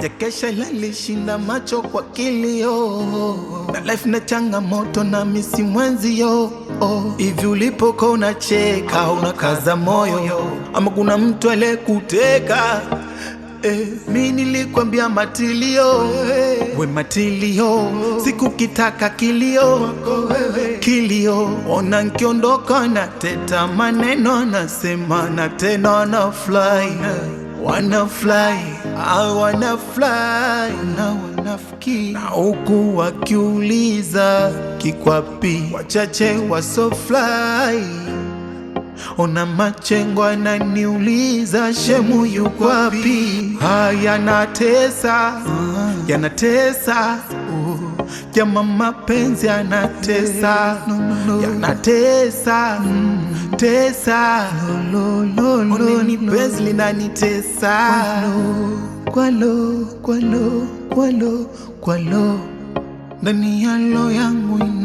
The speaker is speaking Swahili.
Jekesha ilalishinda macho kwa kilio, na life na changamoto na misi mwenzi yo hivi oh. Ulipokuwa unacheka unakaza moyo, ama kuna mtu aliyekuteka eh? Mi nilikwambia matilio we matilio, sikukitaka kilio kilio, ona nkiondoka na teta maneno, nasema na tena anafly wanafurahi fly na wanafiki na huku wakiuliza kikwapi, wachache fly. Ona machengo ananiuliza shemu yukwapi? Haya, yanatesa ah. yanatesa jama, mapenzi yanatesa, yanatesa tesa, ni penzi linanitesa kwalo kwalo kwalo kwalo ndani ya roho yangu